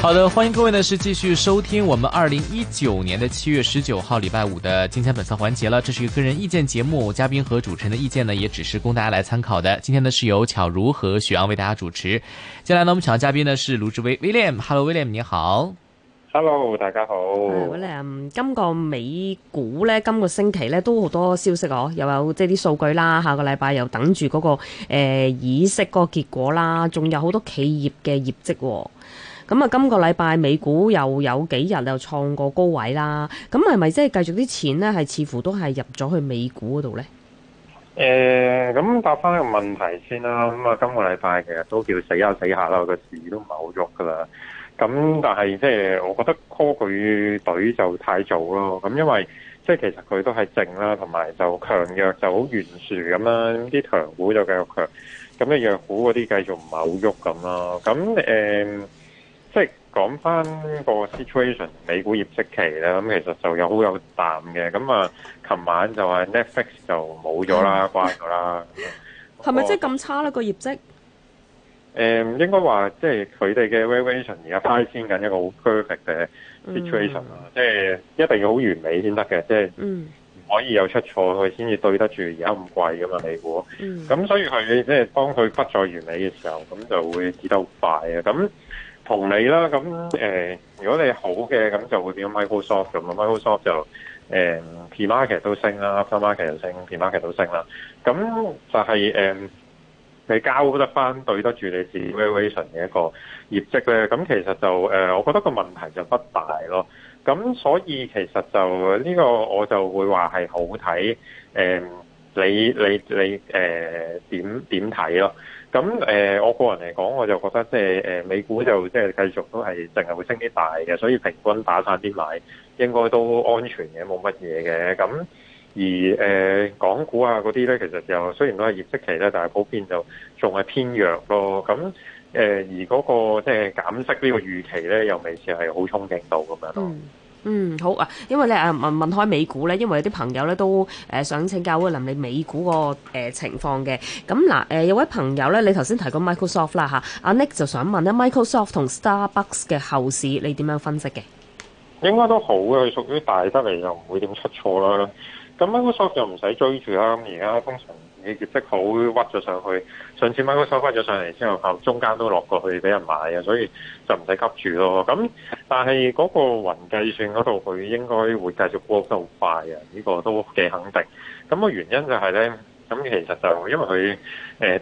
好的，歡迎各位呢，是繼續收聽我們二零一九年的七月十九號禮拜五的金錢本色環節了。這是一個個人意見節目，嘉賓和主持人的意見呢，也只是供大家來參考的。今天呢，是由巧如和雪陽為大家主持。接下來呢，我們請到嘉賓呢是盧志威 William。Hello，William，你好。Hello，大家好。Uh, William，今個美股呢，今，這個星期呢，都好多消息哦，又有即係啲數據啦，下個禮拜又等住嗰，那個誒，議息嗰個結果啦，仲有好多企業嘅業績哦。咁啊，今個禮拜美股又有幾日又創過高位啦。咁係咪即係繼續啲錢咧，係似乎都係入咗去美股嗰度咧？誒、呃，咁答翻個問題先啦。咁、嗯、啊，今個禮拜其實都叫死下、啊、死下、啊、啦，個市都唔係好喐噶啦。咁但係即係我覺得 call 佢隊就太早咯。咁因為即係、呃、其實佢都係正啦，同埋就強弱就好懸殊咁啦。啲強股就繼續強，咁啲弱股嗰啲繼續唔係好喐咁啦。咁誒。呃講翻個 situation，美股業績期咧，咁其實就有好有淡嘅。咁啊，琴晚就話 Netflix 就冇咗啦，掛咗啦。係咪、 那個、即係咁差咧個業績？誒、嗯，應該話即係佢哋嘅 valuation 而家攀升緊一個好 perfect 嘅 situation 啊、嗯，即係一定要好完美先得嘅，即係唔可以有出錯，佢先至對得住而家咁貴噶嘛，美股。咁、嗯、所以佢即係當佢不再完美嘅時候，咁就會跌得好快啊，咁。同你啦，咁誒、呃，如果你好嘅，咁就會變到 Microsoft 咁啊，Microsoft 就誒、呃、P market 都升啦，S market 又升，P market 都升啦，咁就係、是、誒、呃，你交得翻對得住你自己 valuation 嘅一個業績咧，咁其實就誒、呃，我覺得個問題就不大咯，咁所以其實就呢、這個我就會話係好睇誒。呃你你你誒、呃、點點睇咯？咁誒、呃，我個人嚟講，我就覺得即係誒美股就即係繼續都係淨係會升啲大嘅，所以平均打散啲買應該都安全嘅，冇乜嘢嘅。咁而誒、呃、港股啊嗰啲咧，其實就雖然都係業績期咧，但係普遍就仲係偏弱咯。咁誒、呃、而嗰、那個即係、就是、減息呢個預期咧，又未似係好衝勁到咁樣咯。嗯嗯，好啊，因為咧誒、啊，問問開美股咧，因為有啲朋友咧都誒想請教，可能你美股個誒情況嘅。咁、呃、嗱，誒、呃、有位朋友咧，你頭先提過 Microsoft 啦、啊、吓，阿、啊、Nick 就想問咧、啊、Microsoft 同 Starbucks 嘅後市你點樣分析嘅？應該都好嘅，係屬於大得嚟，又唔會點出錯啦。咁 Microsoft 就唔使追住啦，咁而家通常。你業績好屈咗上去，上次 Microsoft 屈咗上嚟之後，後中間都落過去俾人買啊，所以就唔使急住咯。咁但係嗰個雲計算嗰度，佢應該會繼續過得好快啊，呢、這個都幾肯定。咁、那個原因就係咧，咁其實就因為佢誒、呃、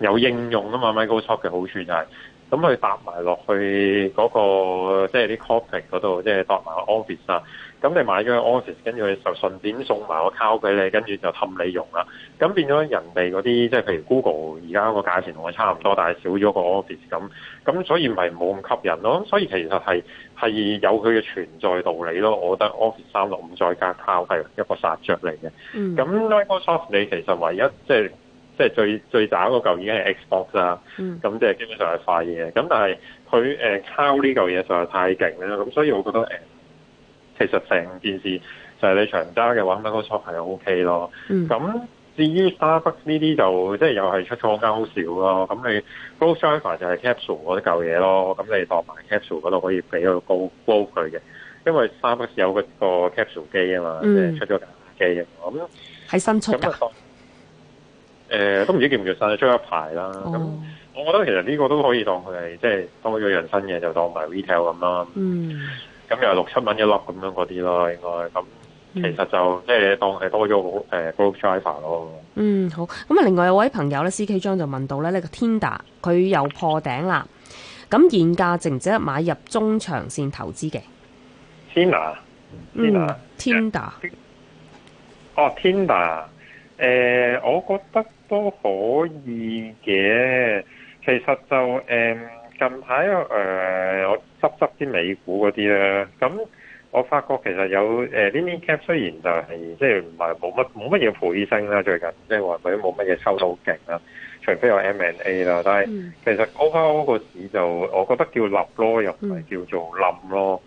有應用啊嘛，Microsoft 嘅好處就係，咁佢搭埋落去嗰、那個即係啲 Copilot 嗰度，即係搭埋 office 啊。咁你買咗個 Office，跟住佢就順便送埋個 Cloud 俾你，跟住就氹你用啦。咁變咗人哋嗰啲，即係譬如 Google 而家個價錢同佢差唔多，但係少咗個 Office 咁，咁所以唔係冇咁吸引咯。咁所以其實係係有佢嘅存在道理咯。我覺得 Office 三六五再加 Cloud 係一個殺着嚟嘅。咁、嗯、Microsoft 你其實唯一即係即係最最渣嗰嚿已經係 Xbox 啦、嗯。咁即係基本上係快嘢。咁但係佢誒 Cloud 呢嚿嘢實在太勁啦。咁所以我覺得誒。其實成件事就係你長揸嘅話，咁嗰個錯係 O K 咯。咁至於 Starbucks 呢啲就即係又係出錯間好少咯。咁你 growth driver 就係 capsule 嗰啲舊嘢咯。咁你當埋 capsule 嗰度可以俾佢高高佢嘅，因為 Starbucks 有佢個 capsule 機啊嘛，即係出咗架機啊嘛。咁係新出啊？誒，都唔知叫唔叫新？出一排啦。咁，我覺得其實呢個都可以當佢係即係多咗樣新嘢，就當埋 retail 咁啦。嗯。咁又六七蚊一粒咁樣嗰啲咯，應該咁其實就即係當係多咗好誒 grow d 咯。嗯，好。咁啊，另外有位朋友咧，C K 張就問到咧，呢個 Tinder 佢又破頂啦，咁現價值唔值得買入中長線投資嘅？Tinder，嗯，Tinder，哦，Tinder，誒，我覺得都可以嘅。其實就誒，um, 近排誒，我、uh,。執執啲美股嗰啲咧，咁我發覺其實有誒呢啲 cap 雖然就係即係唔係冇乜冇乜嘢倍升啦，最近即係話佢冇乜嘢收得好勁啦，除非有 M&A 啦，但係其實歐洲個市就我覺得叫立咯，又唔係叫做冧咯，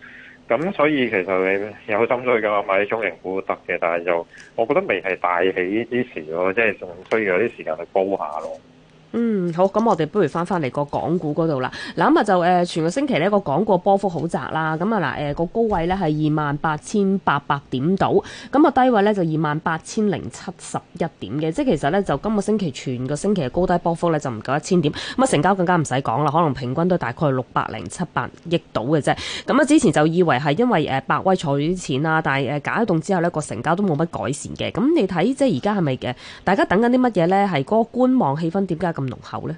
咁所以其實你有心追嘅我買啲中型股得嘅，但係就我覺得未係大起之時咯，即係仲需要啲時間去煲下咯。嗯，好，咁我哋不如翻翻嚟個港股嗰度啦。嗱，咁啊就誒、呃，全個星期呢個港股波幅好窄啦。咁啊嗱，誒、呃、個高位咧係二萬八千八百點度，咁啊低位咧就二萬八千零七十一點嘅。即係其實咧就今個星期全個星期嘅高低波幅咧就唔夠一千點。咁、嗯、啊成交更加唔使講啦，可能平均都大概六百零七百億度嘅啫。咁、嗯、啊之前就以為係因為誒、呃、百威坐住啲錢啊，但係誒解凍之後咧個成交都冇乜改善嘅。咁、嗯、你睇即係而家係咪嘅？大家等緊啲乜嘢咧？係嗰個觀望氣氛點解咁濃厚咧？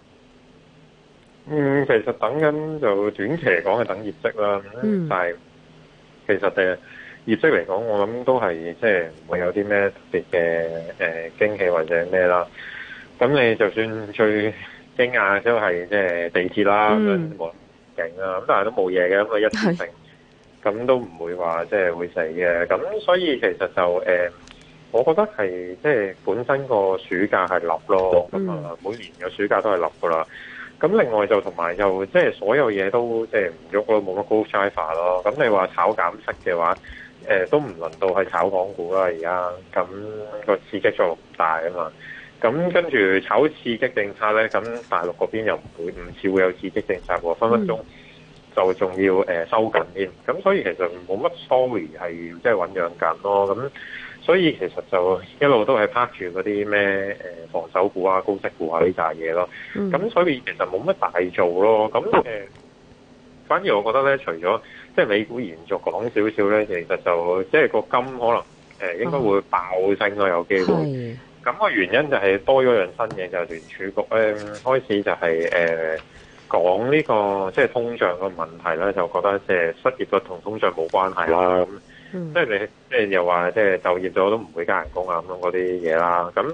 嗯，其實等緊就短期嚟講係等業績啦。但係其實誒，業績嚟講，我諗都係即係唔會有啲咩特別嘅誒驚喜或者咩啦。咁你就算最驚訝都係即係地鐵啦，咁冇勁啦，咁但係都冇嘢嘅，咁佢一定，咁都唔會話即係會死嘅。咁所以其實就誒。我覺得係即係本身個暑假係立咯，咁啊每年嘅暑假都係立噶啦。咁另外就同埋又即係所有嘢都即係唔喐咯，冇乜好揸法咯。咁你話炒減息嘅話，誒、呃、都唔輪到去炒港股啦。而家咁個刺激作用大啊嘛。咁跟住炒刺激政策咧，咁大陸嗰邊又唔會唔似會有刺激政策喎，分分鐘、嗯、就仲要誒、呃、收緊添。咁所以其實冇乜 story 係即係醞釀緊咯。咁所以其實就一路都係拍住嗰啲咩誒防守股啊、高息股啊呢啲嘢咯。咁、嗯、所以其實冇乜大做咯。咁誒、呃，反而我覺得咧，除咗即係美股延續講少少咧，其實就即係個金可能誒、呃、應該會爆升咯、啊，有機會。咁、嗯、個原因就係多咗樣新嘢，就聯儲局咧、呃、開始就係、是、誒、呃、講呢、呢個即係通脹嘅問題咧，就覺得即係失業率同通脹冇關係啦。嗯即係你，即係又話，即係就，就業咗都唔會加人工啊咁樣嗰啲嘢啦。咁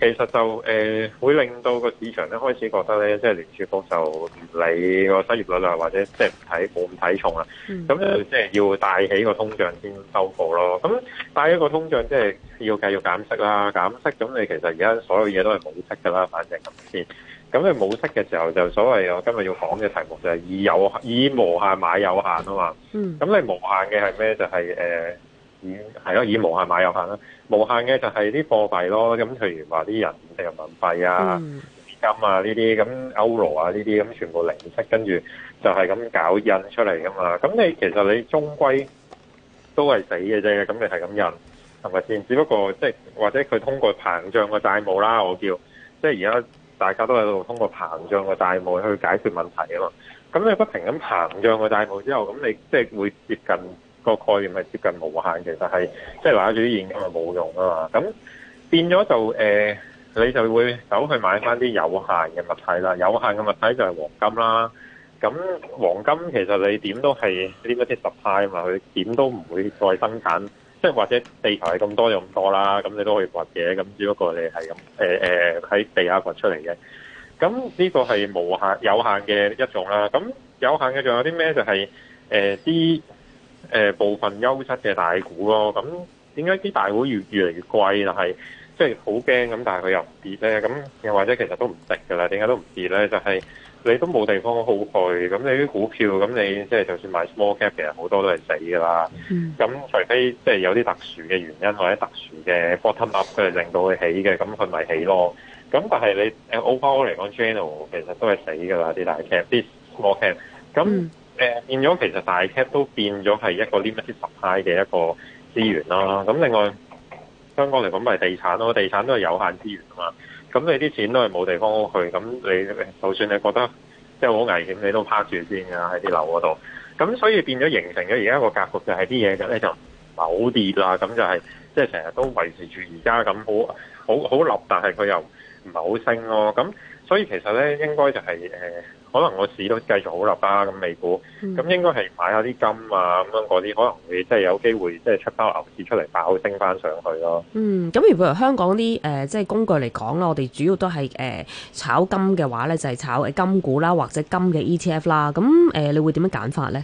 其實就誒、呃、會令到個市場咧開始覺得咧，即係聯儲局就唔理個失業率啊，或者即係唔睇冇咁睇重啊。咁、嗯、就即係要帶起個通脹先收復咯。咁帶起個通脹，即係要繼續減息啦。減息咁你其實而家所有嘢都係冇息噶啦，反正咁先。咁你冇息嘅時候，就所謂我今日要講嘅題目就係以有以無限買有限啊嘛。咁、嗯、你無限嘅係咩？就係、是、誒，係、呃、咯，以無限買有限啦。無限嘅就係啲貨幣咯。咁譬如話啲人人民幣啊、嗯、資金啊呢啲，咁歐羅啊呢啲，咁全部零息，跟住就係咁搞印出嚟噶嘛。咁你其實你終歸都係死嘅啫。咁你係咁印係咪先？只不過即係、就是、或者佢通過膨脹個債務啦，我叫即係而家。就是大家都喺度通過膨脹嘅債務去解決問題啊嘛，咁你不停咁膨脹個債務之後，咁你即係會接近、個概念係接近無限，其實係即係攬住啲現金係冇用啊嘛，咁變咗就誒、呃，你就會走去買翻啲有限嘅物體啦，有限嘅物體就係黃金啦，咁黃金其實你點都係呢一啲 supply 啊嘛，佢點都唔會再生產。即係或者地球係咁多又咁多啦，咁你都可以掘嘅，咁只不過你係咁誒誒喺地下掘出嚟嘅。咁呢個係無限有限嘅一種啦。咁有限嘅仲有啲咩？就係誒啲誒部分優質嘅大股咯。咁點解啲大股越越嚟越貴，就是？但係即係好驚咁，但係佢又唔跌咧。咁又或者其實都唔值㗎啦。點解都唔跌咧？就係，是。你都冇地方好去，咁你啲股票，咁你即係就算買 small cap，其實好多都係死噶啦。咁、嗯、除非即係、就是、有啲特殊嘅原因或者特殊嘅 bottom up，佢係令到佢起嘅，咁佢咪起咯。咁但係你喺 overall 嚟講，general 其實都係死噶啦，啲大 cap 啲 small cap。咁誒、嗯呃、變咗，其實大 cap 都變咗係一個 limit supply 嘅一個資源啦。咁另外，香港嚟講，咪地產咯，地產都係有限資源啊嘛。咁你啲錢都係冇地方去，咁你就算你覺得即係好危險，你都趴住先㗎喺啲樓嗰度。咁所以變咗形成咗而家個格局就係啲嘢嘅咧就唔係好跌啦，咁就係即係成日都維持住而家咁好好好立，但係佢又唔係好升咯、啊，咁。所以其實咧，應該就係、是、誒、呃，可能個市都繼續好立啦、啊。咁美股，咁、嗯、應該係買下啲金啊，咁樣嗰啲可能會即係有機會，即係出包牛市出嚟爆升翻上去咯。嗯，咁如果香港啲誒、呃、即係工具嚟講啦，我哋主要都係誒、呃、炒金嘅話咧，就係、是、炒誒金股啦，或者金嘅 ETF 啦。咁誒、呃，你會點樣揀法咧？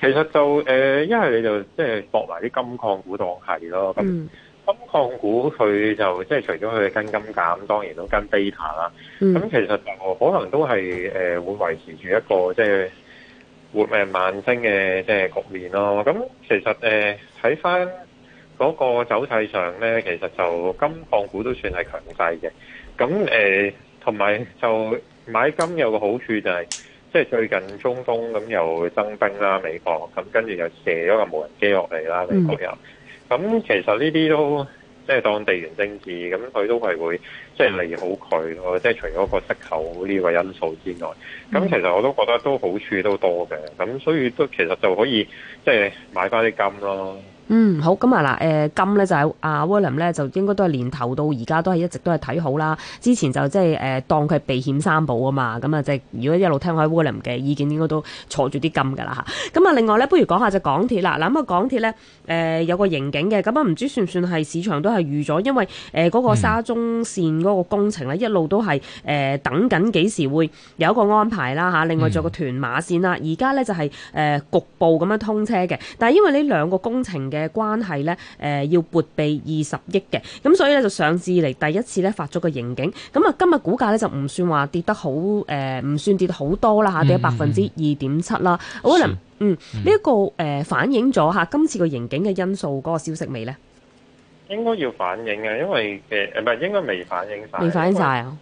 其實就誒，一、呃、係你就即係博埋啲金礦股當係咯。嗯金礦股佢就即係除咗佢嘅跟金價，當然都跟 beta 啦、嗯。咁其實就可能都係誒、呃、會維持住一個即係活命慢升嘅即係局面咯。咁其實誒睇翻嗰個走勢上咧，其實就金礦股都算係強勢嘅。咁誒同埋就買金有個好處就係、是，即係最近中東咁又增兵啦，美國咁跟住又射咗個無人機落嚟啦，美國又。嗯咁其實呢啲都即係當地緣政治，咁佢都係會即係利好佢咯，即係除咗個息口呢個因素之外，咁其實我都覺得都好處都多嘅，咁所以都其實就可以即係買翻啲金咯。嗯，好，咁啊嗱，誒、呃，金咧就阿、是啊、William 咧就應該都係年頭到而家都係一直都係睇好啦。之前就即係誒當佢避險三寶啊嘛，咁啊即係如果一路聽開 William 嘅意見應該都坐住啲金噶啦吓，咁啊，另外咧，不如講下隻港鐵啦。嗱咁啊，港鐵咧誒有個盈警嘅，咁啊唔知算唔算係市場都係預咗，因為誒嗰、呃那個沙中線嗰個工程咧一路都係誒、呃、等緊幾時會有一個安排啦吓、啊，另外仲有個屯馬線啦，而家咧就係、是、誒、呃、局部咁樣通車嘅，但係因為呢兩個工程嘅。嘅關係咧，誒，要撥備二十億嘅，咁所以咧就上次嚟第一次咧發咗個盈警。咁啊今日股價咧就唔算話跌得好，誒、呃，唔算跌好多啦吓，跌咗百分之二點七啦。可能嗯，呢一、嗯這個誒、呃、反映咗吓今次個盈警嘅因素嗰個消息未呢、呃？應該要反映啊，因為誒，唔係應該未反映晒，未反映晒啊？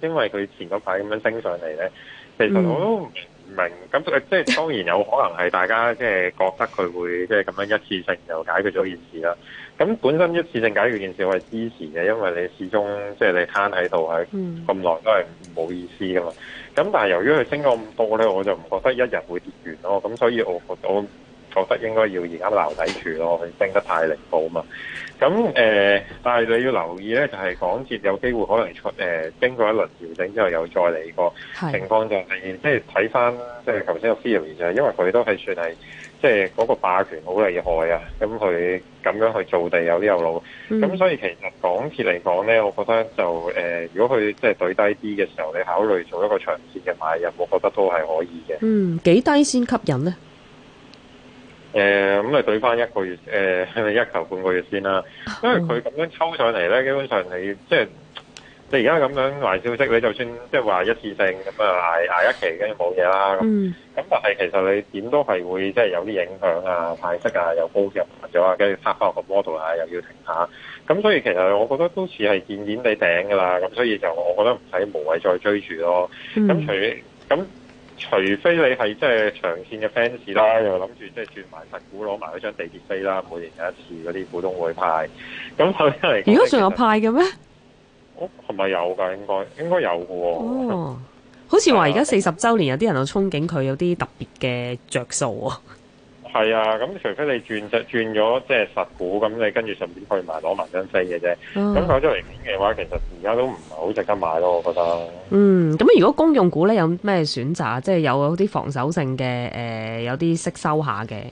因為佢前嗰排咁樣升上嚟咧，其實我都、嗯。明，咁即係即係當然有可能係大家即係覺得佢會即係咁樣一次性就解決咗件事啦。咁本身一次性解決件事我係支持嘅，因為你始終即係、就係、你攤喺度係咁耐都係唔好意思噶嘛。咁但係由於佢升咗咁多咧，我就唔覺得一日會跌完咯。咁所以我我。覺得應該要而家留底住咯，佢升得太離譜啊嘛。咁誒、呃，但係你要留意咧，就係、是、港鐵有機會可能出誒、呃、經過一輪調整之後，又再嚟過，是情況就係即係睇翻，即係頭先個 feel 就係、就是、因為佢都係算係即係嗰個霸權好厲害啊，咁佢咁樣去做地有啲有路，咁、嗯、所以其實港鐵嚟講咧，我覺得就誒、呃，如果佢即係對低啲嘅時候，你考慮做一個長線嘅買入，我覺得都係可以嘅。嗯，幾低先吸引咧？誒咁咪對翻一個月誒、呃、一頭半個月先啦，因為佢咁樣抽上嚟咧，基本上你即係你而家咁樣壞消息，你就算即係話一次性咁啊捱捱一期，跟住冇嘢啦。嗯。咁但係其實你點都係會即係有啲影響啊，派息啊又高又慢咗啊，跟住發翻個 model 啊又要停下，咁所以其實我覺得都似係見見地頂㗎啦。咁所以就我覺得唔使無謂再追住咯。咁除咁。嗯除非你係即係長線嘅 fans 啦，又諗住即係轉埋實股攞埋嗰張地鐵飛啦，每年有一次嗰啲股東會派，咁後嚟如果仲有派嘅咩？哦，係咪有㗎？應該應該有嘅喎、哦。哦，好似話而家四十週年、uh，有啲人啊憧憬佢有啲特別嘅着數啊！係啊，咁除非你轉就轉咗即係實股，咁你跟住順便去埋攞埋張飛嘅啫。咁搞咗嚟面嘅話，其實而家都唔係好值得買咯，我覺得。嗯，咁如果公用股咧有咩選擇？即係有啲防守性嘅，誒、呃、有啲息收下嘅。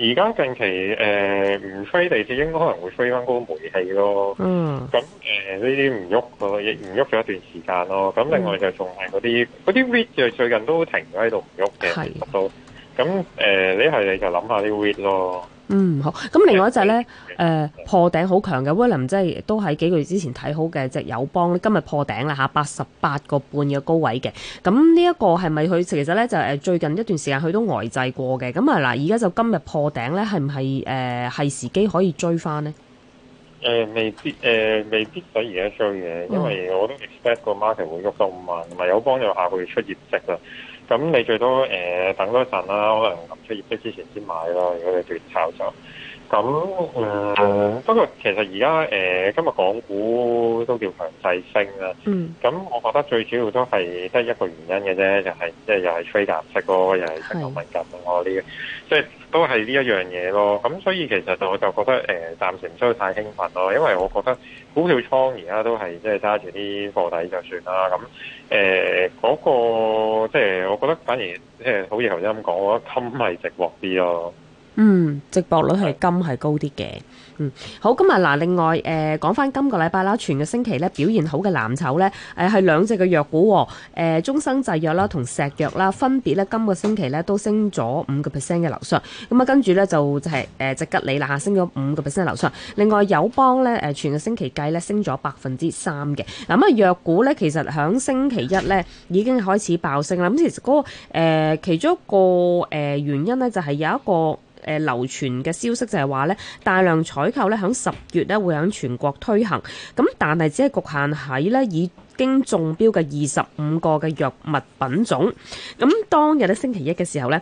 而家近期誒唔飛地鐵，呃 er, 應該可能會飛翻、er、高個煤氣咯。嗯。咁誒呢啲唔喐咯，亦唔喐咗一段時間咯。咁另外就仲係嗰啲嗰啲 REIT 就最近都停咗喺度唔喐嘅，都的。的咁誒呢係你就諗下啲 rate 咯。嗯，好。咁另外一隻咧，誒、嗯、破頂好強嘅。William 即係都喺幾個月之前睇好嘅，隻友邦今日破頂啦嚇，八十八個半嘅高位嘅。咁呢一個係咪佢其實咧，就誒最近一段時間佢都呆滯過嘅。咁啊嗱，而家就今日破頂咧，係唔係誒係時機可以追翻呢？誒、呃，未必誒、呃，未必使而家追嘅，因為我都 expect 個 market 會喐到五萬、嗯。唔係友邦又下個月出業績啦。咁你最多誒、呃、等多一陣啦，可能臨出業績之前先買啦，如果你短炒就。咁誒，不過、嗯嗯、其實而家誒，今日港股都叫強勢升啦。嗯。咁我覺得最主要都係得一個原因嘅啫，就係即係又係非銀息哥，又係石油敏感啊啲，即係、這個就是、都係呢一樣嘢咯。咁所以其實我就覺得誒、呃，暫時唔需要太興奮咯，因為我覺得股票倉而家都係即係揸住啲貨底就算啦。咁誒，嗰、呃那個即係、就是、我覺得反而即係、呃、好似頭先咁講，我覺得金係值博啲咯。嗯，直播率係金係高啲嘅。嗯，好，咁啊嗱，另外誒、呃、講翻今個禮拜啦，全個星期咧表現好嘅藍籌咧，誒、呃、係兩隻嘅藥股，誒、呃、中生製藥啦同石藥啦，分別咧今個星期咧都升咗五個 percent 嘅樓上。咁啊跟住咧就是呃、就係誒隻吉利啦嚇，升咗五個 percent 樓上。另外友邦咧誒全個星期計咧升咗百分之三嘅。嗱咁啊藥股咧其實響星期一咧已經開始爆升啦。咁其實嗰、那個誒、呃、其中一個誒、呃、原因咧就係、是、有一個。誒流傳嘅消息就係話咧，大量採購咧，喺十月咧會喺全國推行。咁但係只係局限喺咧已經中標嘅二十五個嘅藥物品種。咁當日咧星期一嘅時候咧。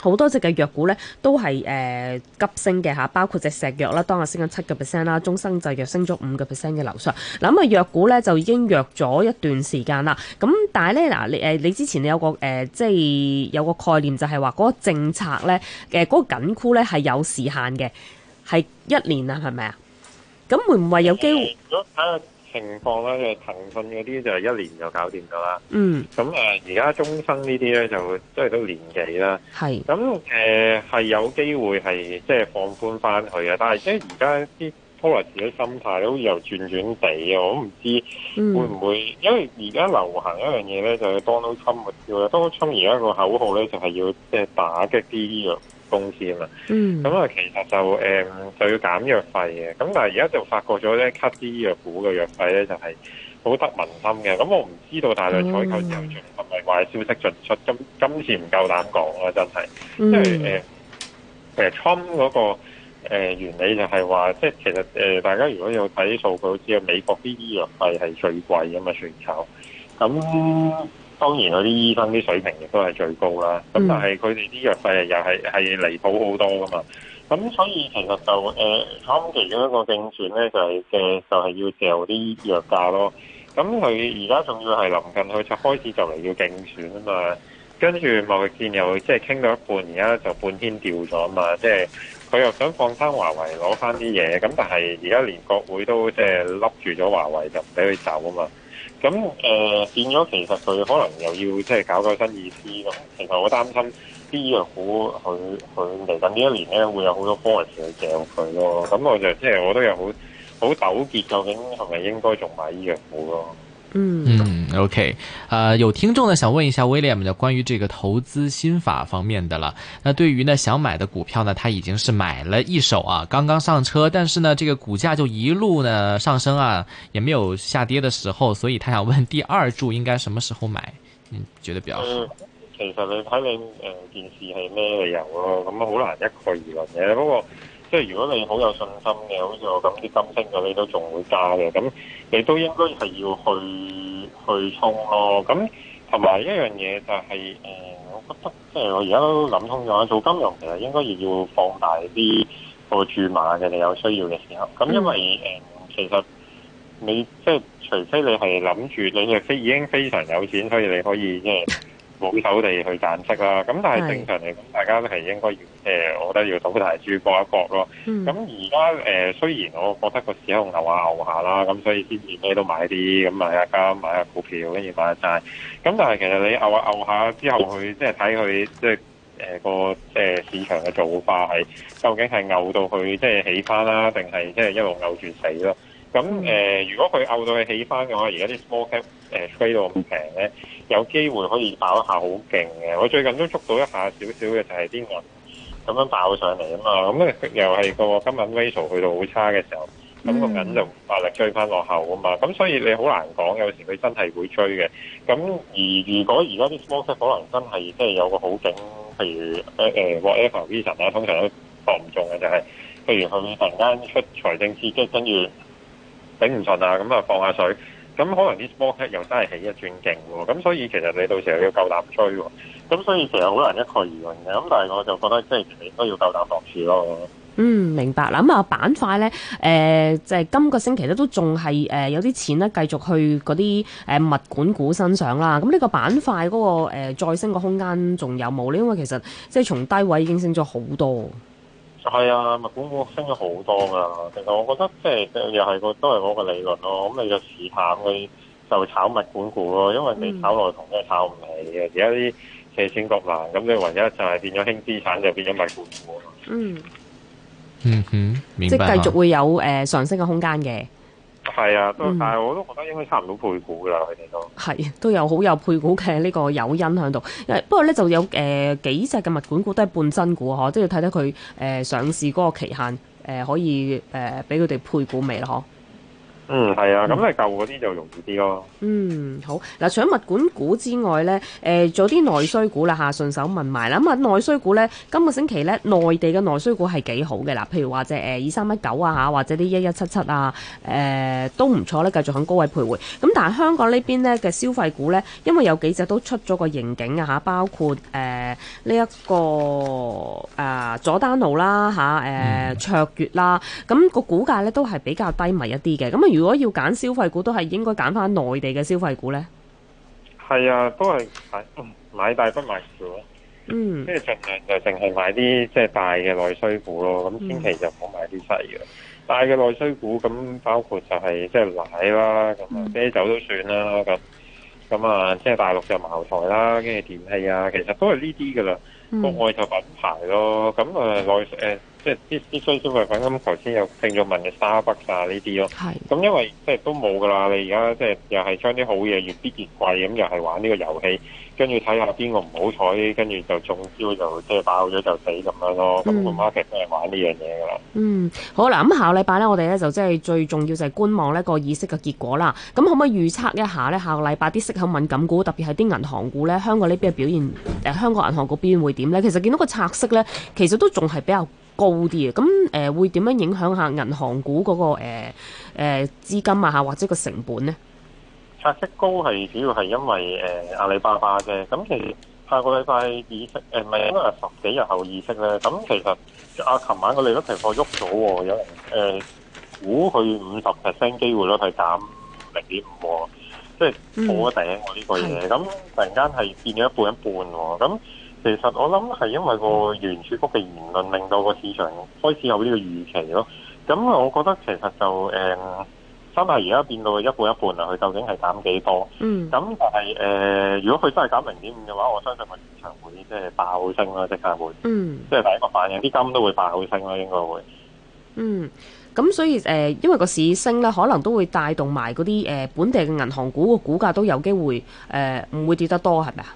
好多隻嘅藥股咧都係誒、呃、急升嘅嚇，包括隻石藥啦，當日升咗七個 percent 啦，中生製藥升咗五個 percent 嘅樓上。嗱咁啊，藥股咧就已經弱咗一段時間啦。咁但係咧嗱，你誒你之前你有個誒、呃，即係有個概念就係話嗰個政策咧嘅嗰個緊箍咧係有時限嘅，係一年啊，係咪啊？咁會唔會有機會？情況咧、啊，就騰訊嗰啲就一年就搞掂咗啦。嗯，咁誒而家中生呢啲咧，就即係都年紀啦。係咁誒，係有機會係即係放寬翻去啊。但係，即係而家啲 policy 嘅心態都又轉轉地，我唔知會唔會，嗯、因為而家流行一樣嘢咧，就係 Donald Trump 物跳啦。Donald Trump 而家個口號咧，就係、是、要即係打擊啲藥公司啊嘛，咁啊，其實就誒、嗯、就要減藥費嘅，咁但係而家就發覺咗咧，cut 啲藥股嘅藥費咧就係好得民心嘅，咁我唔知道大量採購之後仲係咪壞消息進出，今今次唔夠膽講啊，真係，因為誒誒，特朗普、呃、嗰、那個、呃、原理就係話，即係其實誒大家如果有睇啲數據都知啊，美國啲醫藥費係最貴嘅嘛全球，咁、嗯。嗯當然嗰啲醫生啲水平亦都係最高啦，咁、嗯、但係佢哋啲藥費又係係離譜好多噶嘛，咁所以其實就誒，今、呃、期嘅一個競選咧就係誒，就係、是呃就是、要掉啲藥價咯。咁佢而家仲要係臨近佢就開始就嚟要競選啊嘛，跟住貿易戰又即係傾到一半，而家就半天掉咗啊嘛，即係佢又想放翻華為攞翻啲嘢，咁但係而家連國會都即係笠住咗華為就唔俾佢走啊嘛。咁誒、呃、變咗，其實佢可能又要即係搞個新意思咯。其實我擔心啲醫藥股佢佢嚟緊呢一年咧，會有好多 forces 去掙佢咯。咁我就即係我都有好好糾結，究竟係咪應該仲買醫藥股咯？嗯，嗯 OK 呃，有聽眾呢想問一下 William 的關於這個投資心法方面的了。那對於呢想買的股票呢，他已經是買了一手啊，剛剛上車，但是呢這個股價就一路呢上升啊，也沒有下跌的時候，所以他想問第二注應該什麼時候買？你、嗯、覺得比較好、嗯、其實你睇你誒、呃、件事係咩理由咯、啊，咁好難一概而論嘅。不過即係如果你好有信心嘅，好似我咁啲金升咗，你都仲會加嘅。咁你都應該係要去去衝咯。咁同埋一樣嘢就係、是、誒、嗯，我覺得即係我而家都諗通咗做金融其實應該要放大啲個注碼嘅。你有需要嘅時候，咁因為誒、嗯，其實你即係除非你係諗住你係非已經非常有錢，所以你可以即係。保守地去賺息啦，咁但係正常嚟講，大家都係應該要，誒，我覺得要倒大珠搏一搏咯。咁而家誒雖然我覺得個市仲牛下，牛下啦，咁所以先至咩都買啲，咁買下金，買下股票，跟住買下債。咁但係其實你牛下牛下之後，佢即係睇佢即係誒個即係市場嘅造化係究竟係牛到佢即係起翻啦，定係即係一路牛住死咯？咁誒，如果佢牛到佢起翻嘅話，而家啲 small cap 誒 trading 咁平咧？有機會可以爆一下好勁嘅，我最近都捉到一下少少嘅，就係、是、啲人咁樣爆上嚟啊嘛，咁、嗯、咧、嗯嗯、又係個金銀 ratio 去到好差嘅時候，咁個銀就唔發力追翻落後啊嘛，咁所以你好難講，有時佢真係會追嘅。咁而，而如果而家啲 s o 摩斯可能真係即係有個好景，譬如 w h a t e v e r Musk 啦，呃、reason，通常都放唔中嘅、就是，就係譬如佢突然間出財政刺激，跟住頂唔順啊，咁啊放下水。咁可能啲波 t 又真係起一轉勁喎，咁所以其實你到時候要夠膽追喎，咁所以成日好難一概而論嘅。咁但係我就覺得即係你都要夠膽落注咯。嗯，明白嗱。咁、嗯、啊，板塊咧，誒、呃，就係、是、今個星期咧都仲係誒有啲錢咧繼續去嗰啲誒物管股身上啦。咁呢個板塊嗰、那個、呃、再升嘅空間仲有冇呢？因為其實即係從低位已經升咗好多。係啊，物管股升咗好多噶，其實我覺得即係又係個都係我個理論咯。咁你就時下去就炒物管股咯，因為你炒內房炒，都炒唔起嘅，而家啲四錢焗爛，咁你唯一就係變咗輕資產，就變咗物管股啊嗯嗯嗯，嗯嗯即係繼續會有誒、呃、上升嘅空間嘅。係啊，都但係我都覺得應該差唔多配股噶啦，佢哋都係都有好有配股嘅呢個誘因喺度。不過咧就有誒、呃、幾隻嘅物管股都係半新股呵，即係睇睇佢誒上市嗰個期限誒、呃，可以誒俾佢哋配股未咯？呵？嗯，係啊，咁咧舊嗰啲就容易啲咯、啊。嗯，好嗱、啊，除咗物管股之外呢，誒、呃，做啲內需股啦吓，順、啊、手問埋啦。咁啊，內需股呢，今個星期咧，內地嘅內需股係幾好嘅啦。譬如話即誒，二三一九啊吓，或者啲一一七七啊，誒、啊，都唔錯咧，繼續響高位徘徊。咁、啊、但係香港邊呢邊咧嘅消費股呢，因為有幾隻都出咗個盈警啊吓，包括誒。啊呢一，這個誒，佐丹奴啦，吓，誒、啊呃，卓悅啦，咁，啊，那個股價咧都係比較低迷一啲嘅。咁啊，如果要揀消費股，都係應該揀翻內地嘅消費股咧。係啊，都係買，買大不買小咯。嗯。即係盡量就淨係買啲即係大嘅內需股咯。咁千祈就唔好買啲細嘅。大嘅內需股，咁，嗯嗯，包括就係、是、即係奶啦，咁啊啤酒都算啦，咁，嗯。咁啊，即係大陸就茅台啦，跟住電器啊，其實都係呢啲噶啦，國外就品牌咯，咁啊內誒即係必必須消費品，咁頭先又聽咗問嘅沙北啊呢啲咯，係。咁因為即係都冇噶啦，你而家即係又係將啲好嘢越逼越貴，咁又係玩呢個遊戲。跟住睇下邊個唔好彩，跟住就中招就即係爆咗就死咁樣咯。咁個 market 都係玩呢樣嘢噶啦。嗯，好啦，咁下個禮拜咧，我哋咧就即係最重要就係觀望呢、那個議息嘅結果啦。咁可唔可以預測一下咧？下個禮拜啲息口敏感股，特別係啲銀行股咧，香港呢邊嘅表現，誒、呃、香港銀行股邊會點咧？其實見到個拆息咧，其實都仲係比較高啲嘅。咁誒、呃、會點樣影響下銀行股嗰、那個誒誒、呃呃、資金啊嚇，或者個成本咧？價格高係主要係因為誒、呃、阿里巴巴嘅。咁其實下個禮拜議息誒唔係應該係十幾日後議息咧，咁其實啊，琴晚個利率情況喐咗喎，有人誒估佢五十 percent 機會咯，係減零點五喎，即係冇得頂我呢個嘢，咁突然間係變咗一半一半喎，咁其實我諗係因為個原樹福嘅言論令到個市場開始有呢個預期咯，咁我覺得其實就誒。呃咁啊，而家變到一半一半啊！佢究竟係減幾多？咁但係誒，如果佢真係減零點五嘅話，我相信佢現場會即係爆升啦，即係會，即係第一個反應，啲金都會爆好升啦，應該會。嗯，咁所以誒，因為個市升咧，可能都會帶動埋嗰啲誒本地嘅銀行股個股價都有機會誒，唔會跌得多，係咪啊？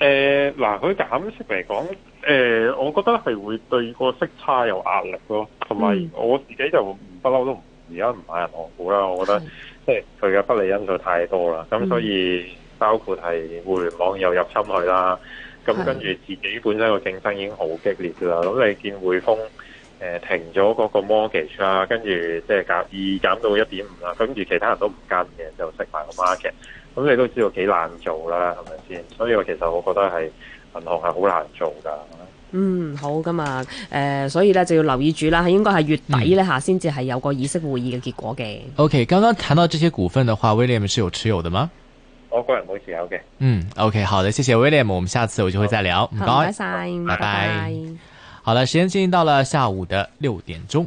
誒嗱，佢減息嚟講，誒我覺得係會對個息差有壓力咯，同埋我自己就不嬲都唔。而家唔買銀行股啦，我覺得即係佢嘅不利因素太多啦。咁的所以包括係互聯網又入侵去啦，咁的跟住自己本身個競爭已經好激烈啦。咁你見匯豐誒、呃、停咗嗰個 mortgage 啦，減5，跟住即係減二減到一點五啦，跟住其他人都唔跟嘅，就食埋個 market。咁你都知道幾難做啦，係咪先？所以我其實我覺得係銀行係好難做噶。嗯，好咁啊，誒、呃，所以咧就要留意住啦，應該係月底咧吓先至係有個議息會議嘅結果嘅、嗯。OK，剛剛談到這些股份的話，William 是有持有的嗎？我個人冇持有嘅。Okay. 嗯，OK，好的，謝謝 William，我們下次我就會再聊。唔該拜拜。好了，時間進行到了下午的六點鐘。